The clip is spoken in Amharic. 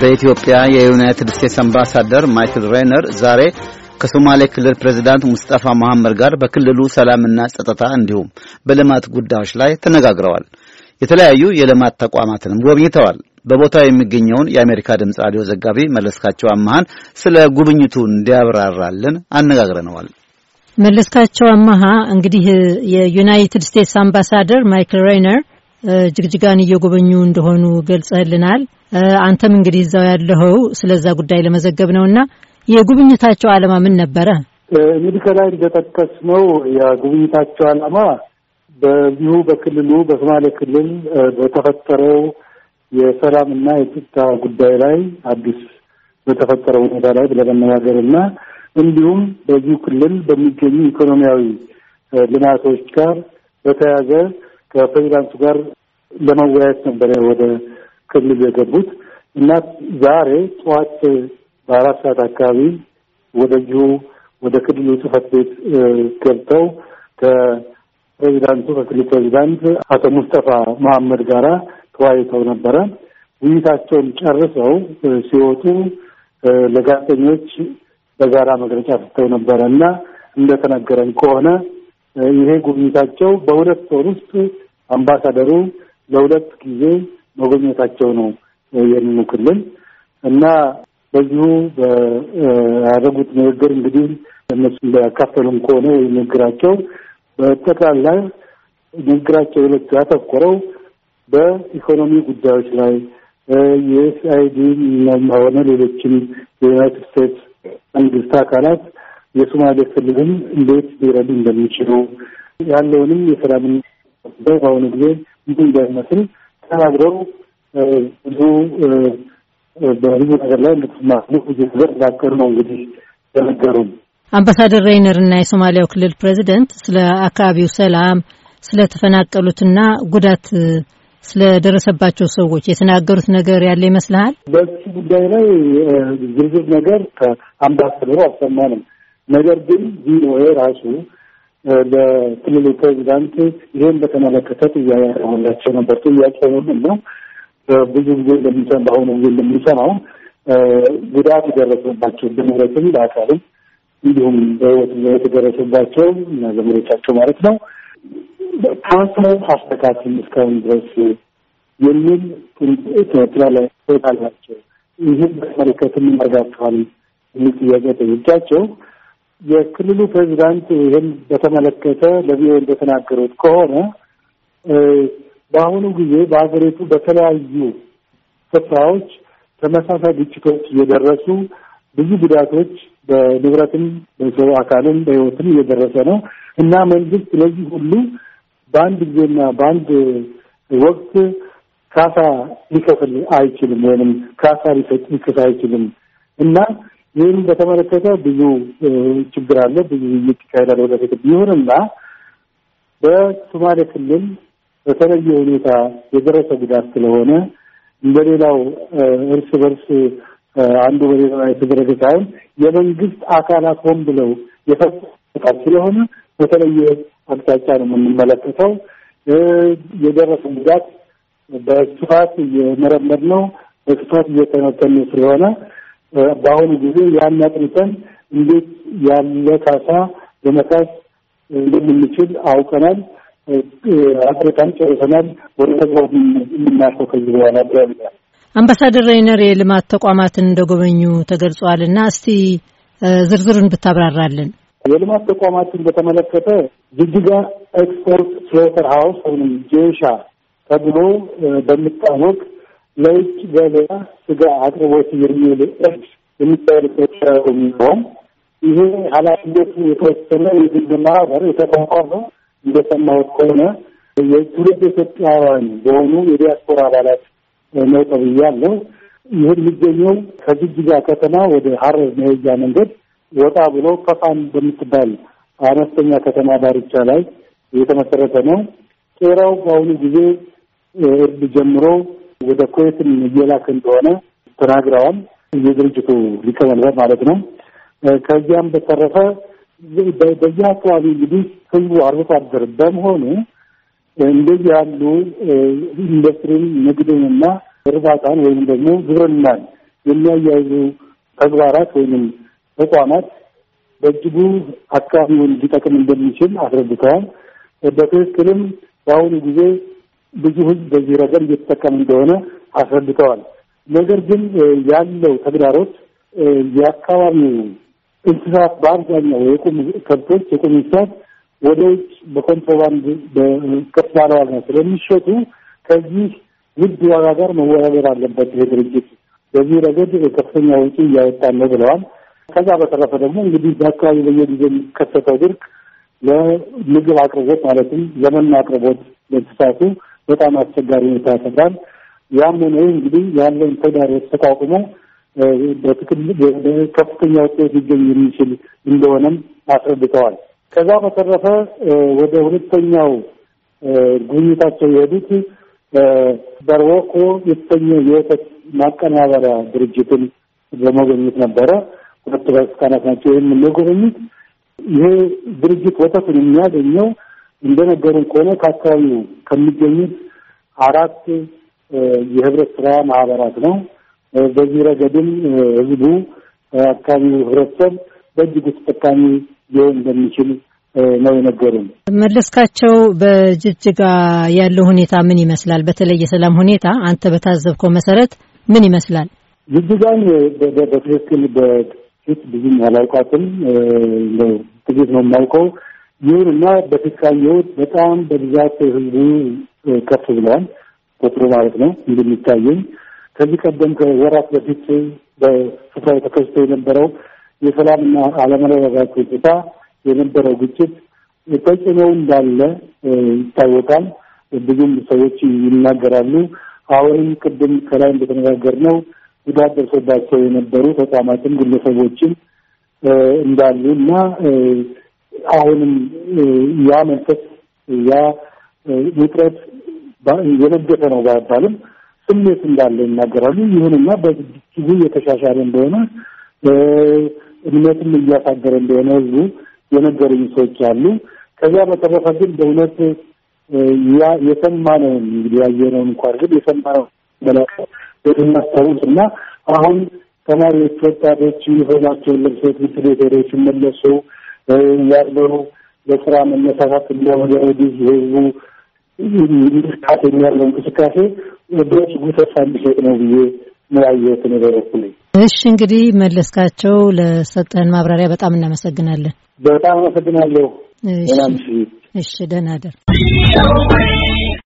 በኢትዮጵያ የዩናይትድ ስቴትስ አምባሳደር ማይክል ሬነር ዛሬ ከሶማሌ ክልል ፕሬዚዳንት ሙስጠፋ መሐመድ ጋር በክልሉ ሰላምና ጸጥታ እንዲሁም በልማት ጉዳዮች ላይ ተነጋግረዋል። የተለያዩ የልማት ተቋማትንም ጎብኝተዋል። በቦታው የሚገኘውን የአሜሪካ ድምፅ ራዲዮ ዘጋቢ መለስካቸው አመሃን ስለ ጉብኝቱ እንዲያብራራልን አነጋግረነዋል። መለስካቸው አማሃ እንግዲህ የዩናይትድ ስቴትስ አምባሳደር ማይክል ሬይነር ጅግጅጋን እየጎበኙ እንደሆኑ ገልጸልናል። አንተም እንግዲህ እዛው ያለኸው ስለዛ ጉዳይ ለመዘገብ ነው እና የጉብኝታቸው ዓላማ ምን ነበረ? እንግዲህ ከላይ እንደጠቀስ ነው የጉብኝታቸው ዓላማ በዚሁ በክልሉ በሶማሌ ክልል በተፈጠረው የሰላምና የጸጥታ ጉዳይ ላይ አዲስ በተፈጠረው ሁኔታ ላይ ለመነጋገር እና እንዲሁም በዚሁ ክልል በሚገኙ ኢኮኖሚያዊ ልማቶች ጋር በተያያዘ ከፕሬዚዳንቱ ጋር ለመወያየት ነበረ ወደ ክልል የገቡት እና ዛሬ ጠዋት በአራት ሰዓት አካባቢ ወደዚሁ ወደ ክልሉ ጽህፈት ቤት ገብተው ከፕሬዚዳንቱ ከክልል ፕሬዚዳንት አቶ ሙስጠፋ መሐመድ ጋራ ተወያይተው ነበረ። ውይይታቸውን ጨርሰው ሲወጡ ለጋዜጠኞች በጋራ መግለጫ ሰጥተው ነበረ እና እንደተነገረን ከሆነ ይሄ ጉብኝታቸው በሁለት ወር ውስጥ አምባሳደሩ ለሁለት ጊዜ መጎብኘታቸው ነው የሚኑ ክልል እና በዚሁ ያደረጉት ንግግር እንግዲህ እነሱ እንዳያካፈሉም ከሆነ ወይ ንግግራቸው በጠቅላላ ንግግራቸው ሁለቱ ያተኮረው በኢኮኖሚ ጉዳዮች ላይ የዩኤስአይዲ ሆነ ሌሎችም የዩናይትድ ስቴትስ መንግስት አካላት የሶማሌ ክልልን እንዴት ሊረዱ እንደሚችሉ ያለውንም የሰላምን በአሁኑ ጊዜ ብዙ እንዳይመስል ተናግረው ብዙ በህዝቡ ነገር ላይ እንድትማሉ ብዙ ነገር ላቀር ነው እንግዲህ ተነገሩም። አምባሳደር ሬይነር እና የሶማሊያው ክልል ፕሬዚደንት ስለ አካባቢው ሰላም፣ ስለተፈናቀሉትና ጉዳት ስለደረሰባቸው ሰዎች የተናገሩት ነገር ያለ ይመስልሃል? በዚህ ጉዳይ ላይ ዝርዝር ነገር ከአምባሳደሩ አልሰማንም። ነገር ግን ቪኦኤ ራሱ ለክልሉ ፕሬዚዳንት ይህን በተመለከተ ጥያቄ ያቀረበላቸው ነበር። ጥያቄ ነው ብዙ ጊዜ እንደሚሰማ በአሁኑ ጊዜ እንደሚሰማው ጉዳት የደረሰባቸው በንብረትም በአካልም እንዲሁም በሕይወት የተደረሰባቸው እና ዘመዶቻቸው ማለት ነው አሳውን አስተካክል እስካሁን ድረስ የሚል ትምህርትና ላይ አላቸው። ይህም በተመለከተ እናደርጋቸዋል የሚል ጥያቄ ጠይቄያቸው የክልሉ ፕሬዚዳንት ይህን በተመለከተ ለቪኦኤ እንደተናገሩት ከሆነ በአሁኑ ጊዜ በሀገሪቱ በተለያዩ ስፍራዎች ተመሳሳይ ግጭቶች እየደረሱ ብዙ ጉዳቶች በንብረትም፣ በሰው አካልም፣ በሕይወትም እየደረሰ ነው እና መንግስት ለዚህ ሁሉ በአንድ ጊዜና በአንድ ወቅት ካሳ ሊከፍል አይችልም፣ ወይም ካሳ ሊሰጥ ሊከስ አይችልም እና ይህም በተመለከተ ብዙ ችግር አለ፣ ብዙ ውይይት ይካሄዳል ወደፊት። ይሁንና በሶማሌ ክልል በተለየ ሁኔታ የደረሰ ጉዳት ስለሆነ እንደሌላው እርስ በርስ አንዱ በሌላ ላይ የተደረገ ሳይሆን የመንግስት አካላት ሆን ብለው የፈጣ ስለሆነ በተለየ አቅጣጫ ነው የምንመለከተው። የደረሰ ጉዳት በስፋት እየመረመር ነው፣ በስፋት እየተነተን ስለሆነ በአሁኑ ጊዜ ያን አጥንተን እንዴት ያለ ካሳ በመካስ እንደምንችል አውቀናል፣ አጥርተን ጨርሰናል። ወደ ተግባር የምናልፈው ከዚህ በኋላ ብለውኛል። አምባሳደር ሬይነር የልማት ተቋማትን እንደጎበኙ ተገልጿል እና እስቲ ዝርዝሩን ብታብራራለን። የልማት ተቋማትን በተመለከተ ጅጅጋ ኤክስፖርት ስሎተር ሀውስ ወይም ጄሻ ተብሎ በሚታወቅ ለውጭ ገበያ ስጋ አቅርቦት የሚውል እርድ የሚታወልበት የሚሆን ይሄ ኃላፊነቱ የተወሰነ የግል ማህበር የተቋቋመ እንደሰማሁት ከሆነ የትውልድ ኢትዮጵያውያን በሆኑ የዲያስፖራ አባላት ነው ተብያለሁ። ይህ የሚገኘው ከጅጅጋ ከተማ ወደ ሀረር መሄጃ መንገድ ወጣ ብሎ ከፋን በምትባል አነስተኛ ከተማ ዳርቻ ላይ የተመሰረተ ነው። ቄራው በአሁኑ ጊዜ እርድ ጀምሮ ወደ ኩዌትም እየላክ እንደሆነ ተናግረዋል። የድርጅቱ ሊቀመንበር ማለት ነው። ከዚያም በተረፈ በዚህ አካባቢ እንግዲህ ህዝቡ አርብቶ አደር በመሆኑ እንደዚህ ያሉ ኢንዱስትሪን ንግድን ንግድንና እርባታን ወይም ደግሞ ግብርናን የሚያያይዙ ተግባራት ወይም ተቋማት በእጅጉ አካባቢውን ሊጠቅም እንደሚችል አስረድተዋል። በትክክልም በአሁኑ ጊዜ ብዙ ሕዝብ በዚህ ረገድ እየተጠቀም እንደሆነ አስረድተዋል። ነገር ግን ያለው ተግዳሮት የአካባቢው እንስሳት በአብዛኛው የቁም ከብቶች የቁም እንስሳት ወደ ውጭ በኮንትሮባንድ ከፍ ባለ ዋጋ ስለሚሸጡ ከዚህ ውድ ዋጋ ጋር መወዳደር አለበት። ይሄ ድርጅት በዚህ ረገድ ከፍተኛ ውጪ እያወጣ ነው ብለዋል። ከዛ በተረፈ ደግሞ እንግዲህ በአካባቢ በየጊዜ የሚከሰተው ድርቅ ለምግብ አቅርቦት ማለትም ለመኖ አቅርቦት ለእንስሳቱ በጣም አስቸጋሪ ሁኔታ ያፈጥራል። ያም ሆነ እንግዲህ ያለን ተግዳሮት ተቋቁሞ ከፍተኛ ውጤት ሊገኝ የሚችል እንደሆነም አስረድተዋል። ከዛ በተረፈ ወደ ሁለተኛው ጉብኝታቸው የሄዱት በርወቆ የተሰኘ የወተት ማቀናበሪያ ድርጅትን በመጎብኘት ነበረ። ሁለት ባለስልጣናት ናቸው ይህን የሚጎበኙት። ይሄ ድርጅት ወተቱን የሚያገኘው እንደነገሩን ከሆነ ከአካባቢው ከሚገኙት አራት የህብረት ስራ ማህበራት ነው። በዚህ ረገድም ህዝቡ አካባቢው ህብረተሰብ በእጅጉ ተጠቃሚ ሊሆን እንደሚችል ነው የነገሩን። መለስካቸው፣ በጅጅጋ ያለው ሁኔታ ምን ይመስላል? በተለይ የሰላም ሁኔታ አንተ በታዘብከው መሰረት ምን ይመስላል? ጅጅጋን በትክክል ሴት ብዙም አላውቃትም፣ ጥቂት ነው የማውቀው። እና በፊት ካየሁት በጣም በብዛት ህዝቡ ከፍ ብለዋል፣ ቁጥሩ ማለት ነው እንደሚታየኝ። ከዚህ ቀደም ከወራት በፊት በስፍራው ተከስቶ የነበረው የሰላምና አለመረጋጋት ሁኔታ የነበረው ግጭት ተጽዕኖው እንዳለ ይታወቃል፣ ብዙም ሰዎች ይናገራሉ። አሁንም ቅድም ከላይ እንደተነጋገር ነው። ጉዳት ደርሶባቸው የነበሩ ተቋማትን ግለሰቦችን እንዳሉ እና አሁንም ያ መንፈስ ያ ውጥረት የነገሰ ነው ባይባልም ስሜት እንዳለ ይናገራሉ። ይሁንና በጊዜ እየተሻሻለ እንደሆነ እምነትም እያሳደረ እንደሆነ ህዝቡ የነገሩኝ ሰዎች አሉ። ከዚያ በተረፈ ግን በእውነት የሰማነውን እንግዲህ ያየነውን እንኳን ግን የሰማነው መለከት የምናስታውስ እና አሁን ተማሪዎች፣ ወጣቶች ዩኒፎርማቸውን ለብሰው ትምህርት ቤት ሄደው ሲመለሱ ያለው ለስራ መነሳሳት እና ወደ ወዲህ የህዝቡ እንቅስቃሴ ያለው እንቅስቃሴ ወደች ጉተሳ የሚሰጥ ነው ብዬ ያየሁት ነገር እሺ እንግዲህ መለስካቸው፣ ለሰጠን ማብራሪያ በጣም እናመሰግናለን። በጣም አመሰግናለሁ። እሺ፣ ደህና ደር